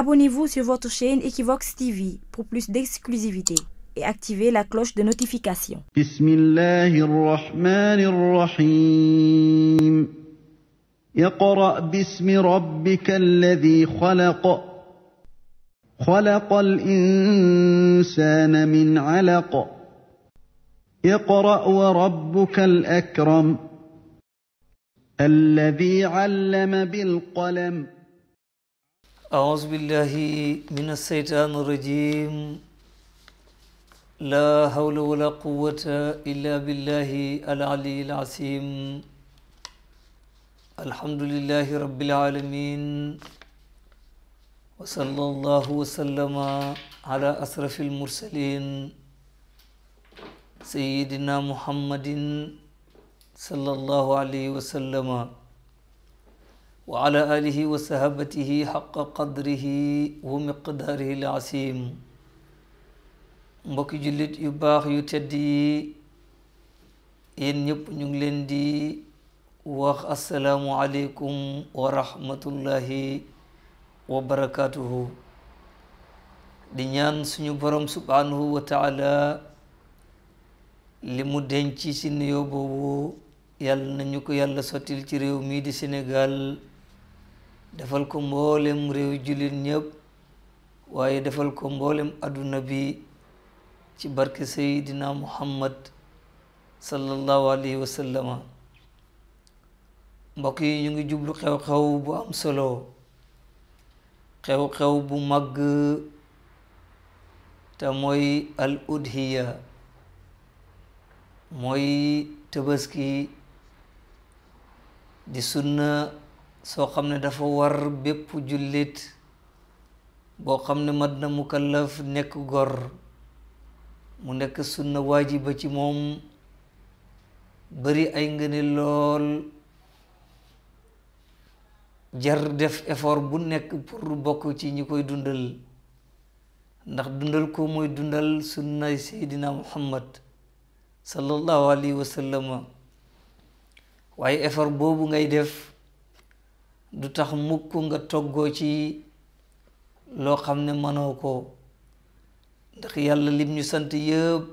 Abonnez-vous sur votre chaîne Equivox TV pour plus d'exclusivité et la cloche de notification. Bismillahir Rahmanir Rahim. Iqra bismi rabbikal ladhi khalaq. Khalaqal insana min 'alaq. Iqra wa rabbukal akram. Alladhi 'allama bil qalam. أعوذ بالله من الشيطان الرجيم لا حول ولا قوة إلا بالله العلي العظيم الحمد لله رب العالمين وصلى الله وسلم على أشرف المرسلين سيدنا محمد صلى الله عليه وسلم wa ala alihi wa sahabatihi xaqa qadrihi wa miqdaarihi l-aziim mbokki jullit yu baax yu tedd yi yéen ñëpp ñu ngi leen di wax asalaamu aleykum wa rahmatullahi wa barakaatuhu di ñaan suñu borom subhaanahu wa taala li mu denc ci nuyoo boobu yàlla nañu ko yàlla sottil ci réew mii di Sénégal defal ko mboolem réew jullit ñëpp waaye defal ko mboolem adduna bi ci barke Seydina Muhammad sallallahu alayhi wa sallama mbokk yi ñu ngi jublu xew-xew bu am solo xew-xew bu mag te mooy al udhiya mooy tabaski di sunna soo xam ne dafa war bépp jullit boo xam ne mat na mukallaf nekk gor mu nekk sunna waajiba ci moom bari ay ngëne lool jar def effort bu nekk pour bokk ci ñi koy dundal ndax dundal ko mooy dundal sunnay seydina muhammad sallallahu alayhi wa sallam waaye effort boobu ngay def du tax mukk nga toggoo ci loo xam ne mënoo ko ndax yàlla lim ñu sant yëpp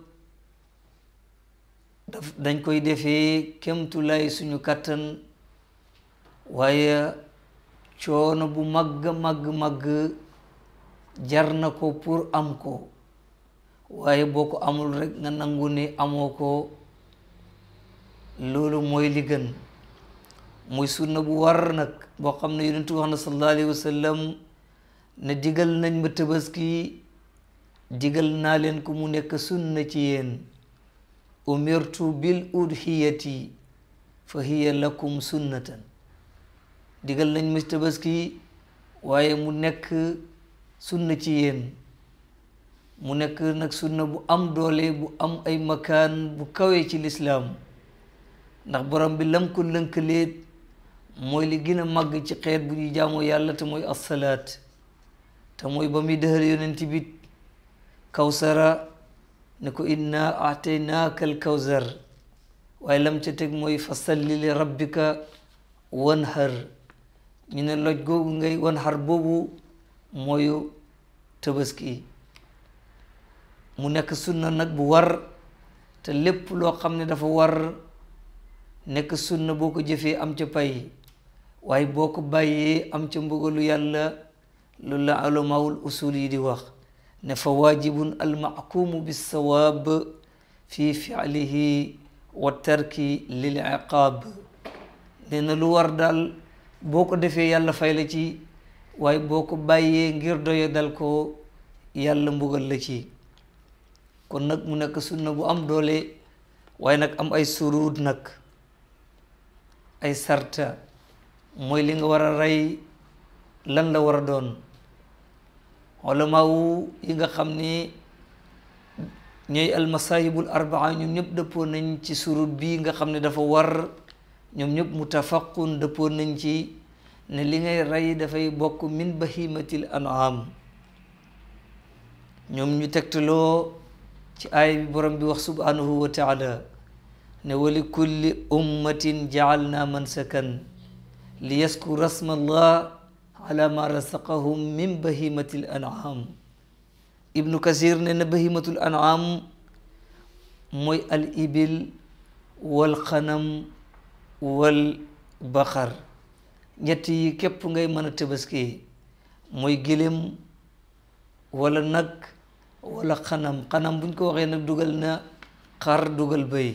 daf dañ koy defee kemtulaay suñu kàttan waaye coono bu màgg màgg màgg jar na ko pour am ko waaye boo ko amul rekk nga nangu ni amoo ko loolu mooy li gën muy sunna bu war nag boo xam ne yonent wax na sallallahu alayhi wa sallam ne digal nañ ma tabaski digal naa leen ko mu nekk sunna ci yéen umirtu bil udhiyati fa hiya lakum sunnatan digal nañ ma tabaski waaye mu nekk sunna ci yéen mu nekk nag sunna bu am doole bu am ay makaan bu kawee ci lislaam ndax borom bi lam ko lënkaleet mooy li gina a màgg ci xeet bu ñuy jaamoo yàlla te mooy assalaat te mooy ba muy dëxal yonent bi kawsara ne ko inna ataynaaka alkawsar waaye lam ca teg mooy fa salli li rabbika wanhar ñu ne loj googu ngay wanhar boobu mooyu tabaski mu nekk sunna nag bu war te lépp loo xam ne dafa war nekk sunna boo ko jëfee am ca pay waaye boo ko bàyyee am ca mbugalu yàlla loolu la alamawul usul yi di wax ne fa waajibun almaxkuumu bisawaab fi fialihi wa tarki lil iqaab nee na lu war daal boo ko defee yàlla fay la ci waaye boo ko bàyyee ngir doy dal ko yàlla mbugal la ci kon nag mu nekk sunna bu am doole waaye nag am ay suruut nag ay sarta mooy li nga war a rey lan la war a doon ulamaawu yi nga xam ni ñooy almasaahibul arbaa ñoom ñëpp dëppoon nañ ci surut bi nga xam ne dafa war ñoom ñëpp mutafaqun dëppoon nañ ci ne li ngay rey dafay bokk min bahimatil an'am ñoom ñu tegtaloo ci aay bi borom bi wax subhanahu wa taala ne wali kulli ummatin jaalna mansakan ليذكر اسم الله على ما رزقهم من بهيمة الأنعام Ibnu Kasir ne na bahimatul an'am mooy al ibil wal xanam wal baqar ñett yi képp ngay mën a tabaski mooy gëléem wala nag wala xanam xanam buñ ko waxee na dugal na xar dugal bay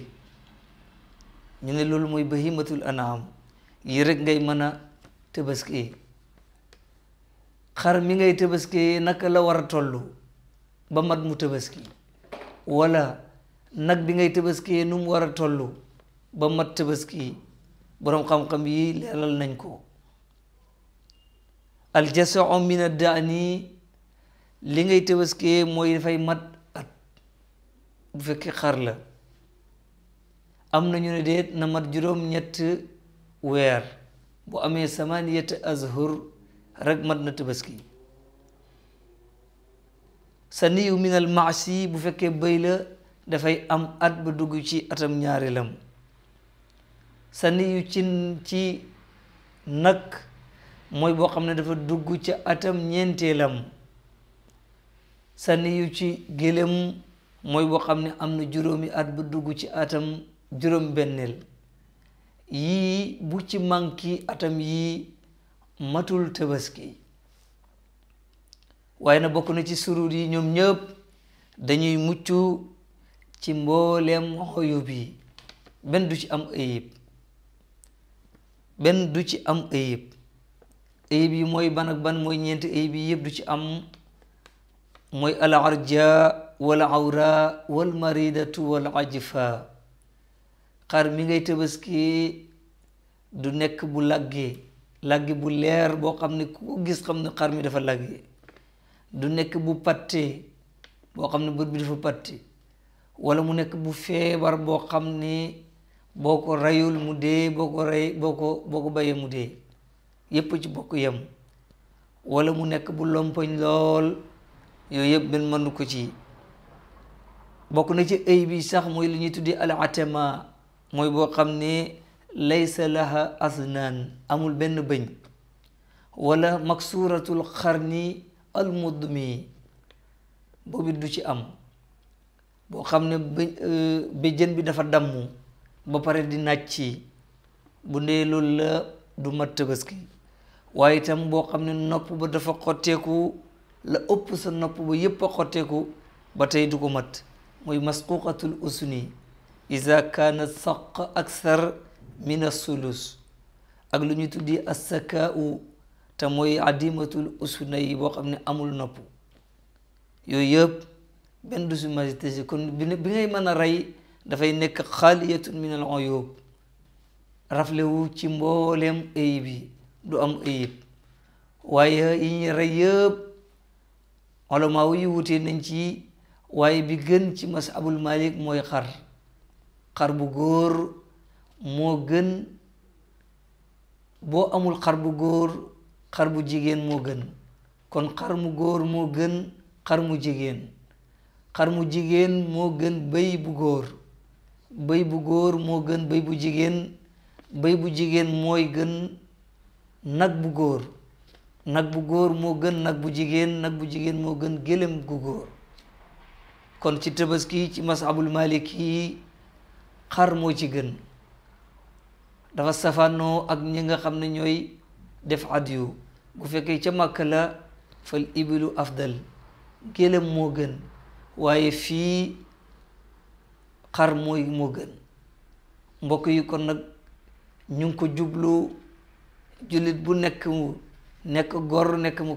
ñu ne loolu mooy bahimatul an'am yi rek ngay mën a tabaski xar mi ngay tabaski naka la war a tollu ba mat mu tabaski wala nag bi ngay tabaski nu mu war a toll ba mat tabaski boroom xam-xam yi leeral nañ ko aljaso min li ngay tabaski mooy dafay mat at bu fekkee xar la am na ñu ne déet na mat juróom ñett weer bu amee samaniyata azhur rek mat na tabaski saniyu min al maasi bu fekkee bëy la dafay am at ba dugg ci atam ñaareelam saniyu ci ci nag mooy boo xam ne dafa dugg ci atam ñeenteelam saniyu ci gëlëm mooy boo xam ne am na juróomi at ba dugg ci atam juróom benneel yii bu ci manki atam yii matul tabaski waaye na bokk na ci surur yi ñoom ñëpp dañuy mucc ci mbooleem xoyub yi benn du ci am ayib benn du ci am ayib ayib yi mooy ban ak ban mooy ñeenti ayib yi yëpp du ci am mooy al arja wal awra wal maridatu wal ajfa xar mi ngay tabaski du nekk bu laggee laggi bu leer boo xam ne ku gis xam ne xar mi dafa laggee du nekk bu pattee boo xam ne bët bi dafa patte wala mu nekk bu feebar boo xam ni boo ko rayul mu dee boo ko ray bayee mu dee yépp ci bokk yem wala mu nekk bu lompoñ lool yooyu yëpp benn mënu ko ci bokk na ci ay bi sax mooy li ñuy tuddee al atama mooy boo xam ne laysa laha asnaan amul benn bëñ wala maksuratul xarni almudmi boobu du ci am boo xam ne bëjjën euh, bi dafa damm ba pare di nàcci bu ndee loolu la du mat tabaski waaye itam boo xam ne nopp ba dafa xotteeku la ëpp sa nopp ba yépp a xotteeku ba tey du ko mat mooy masquqatul usni iza kaana saq aksar min asulus ak lu ñu tuddi assakaau te mooy adimatul usuna yi boo xam ne amul nopp yooyu yëpp benn du si majesté kon bi ngay mën a rey dafay nekk xaaliyatun min al uyub raflewu ci mboolem ayib yi du am ayib waaye yi ñu rey yëpp olamaa yu wutee nañ waaye bi gën ci masabul malik mooy xar xar bu góor moo gën boo amul xar bu góor xar bu jigéen moo gën kon xar mu góor moo gën xar mu jigéen xar mu jigéen moo gën bëy bu góor bëy bu góor moo gën bëy bu jigéen bëy bu jigéen mooy gën nag bu góor nag bu góor moo gën nag bu jigéen nag bu jigéen moo gën gëlem gu góor kon ci ki ci malik maliki xar moo ci gën dafa safaanoo ak ñi nga xam ne ñooy def adiyu bu fekkee ca màkk la fal ibilu afdal gélem moo gën waaye fii xar mooy moo gën mbokk yi kon nag ñu ngi ko jublu jullit bu nekk mu nekk gor nekk mu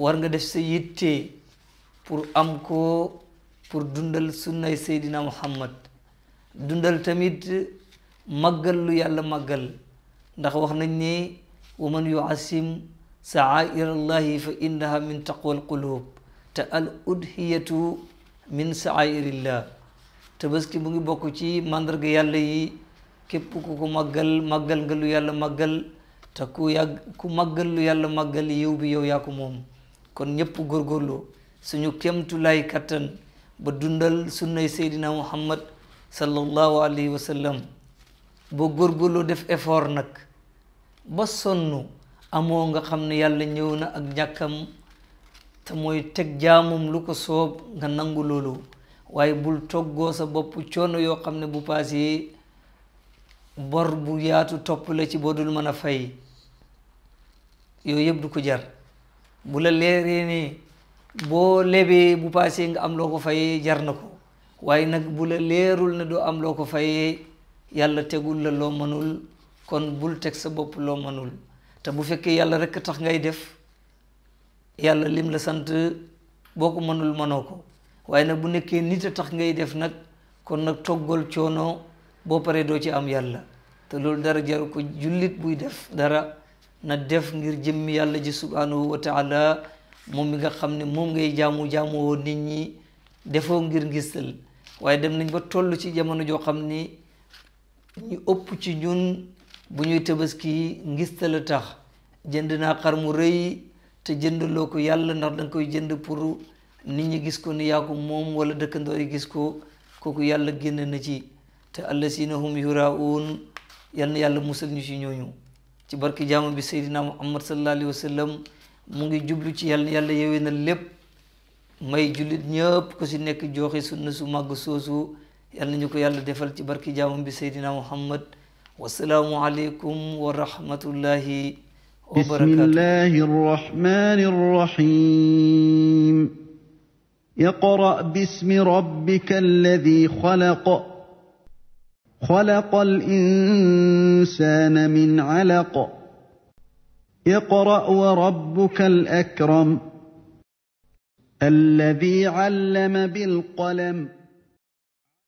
war nga def sa yitte pour am ko pour dundal sunnay seydina muhammad dundal tamit màggal lu yàlla màggal ndax wax nañ ne wa man yuasim saairallahi fa innaha min taqwa alqulub te al udhiyatu min saairillah tabaski mu ngi bokk ci màndarga yàlla yi képp ku ko màggal màggal nga lu yàlla màggal te ku yàgg ku màggal lu yàlla màggal yow bi yow yaa moom kon ñépp góorgóorlu suñu kemtu lay kattan ba dundal sunnay seydina muhammad sallallahu alayhi wa sallam boo góorgóorloo def effort nag ba sonn amoo nga xam ne yàlla ñëw na ak ñàkkam te mooy teg jaamum lu ko soob nga nangu loolu waaye bul toggoo sa bopp coono yoo xam ne bu paasee bor bu yaatu topp la ci boo dul mën a fay yoo yëpp du ko jar bula la ne boo lebee bu paasee nga am loo ko fayee jar na ko waaye nag bu la leerul ne doo am loo ko fayee yàlla tegul la loo mënul kon bul teg sa bopp loo mënul te bu fekkee yàlla rekk tax ngay def yàlla lim la sant boo ko mënul mënoo ko waaye nag bu nekkee nit a tax ngay def nag kon nag toggal coono boo paree doo ci am yàlla te loolu dara jaru ko jullit buy def dara na def ngir jëmmi yàlla ji subhanahu wa moom mi nga xam ne moom ngay jaamu jaamu woon nit ñi defoo ngir ngistal waaye dem nañ ba toll ci jamono joo xam ni ñu ëpp ci ñun bu ñuy tabaski ngista la tax jënd naa xar mu rëy te jëndaloo ko yàlla ndax danga koy jënd pour nit ñi gis ko ni yaa ko moom wala dëkkandoor yi gis ko kooku yàlla génn na ci te allasina hum yuraun yal na yàlla musal ñu ci ñooñu ci barki jaamu bi seydina mu sallallahu alayhi wa sallam mu ngi jublu ci yàlla yàlla yewee na lépp may jullit ñëpp ku si nekk jooxe sunna su màgg soosu yal nañu ko yàlla defal ci barki jaamam bi Seydina Muhammad wasalaamu aleykum wa rahmatullahi wa barakaatu bismillahi rahmani rahim اقرأ باسم ربك الذي خلق خلق الإنسان من علق اقرأ وربك الأكرم الذي علم بالقلم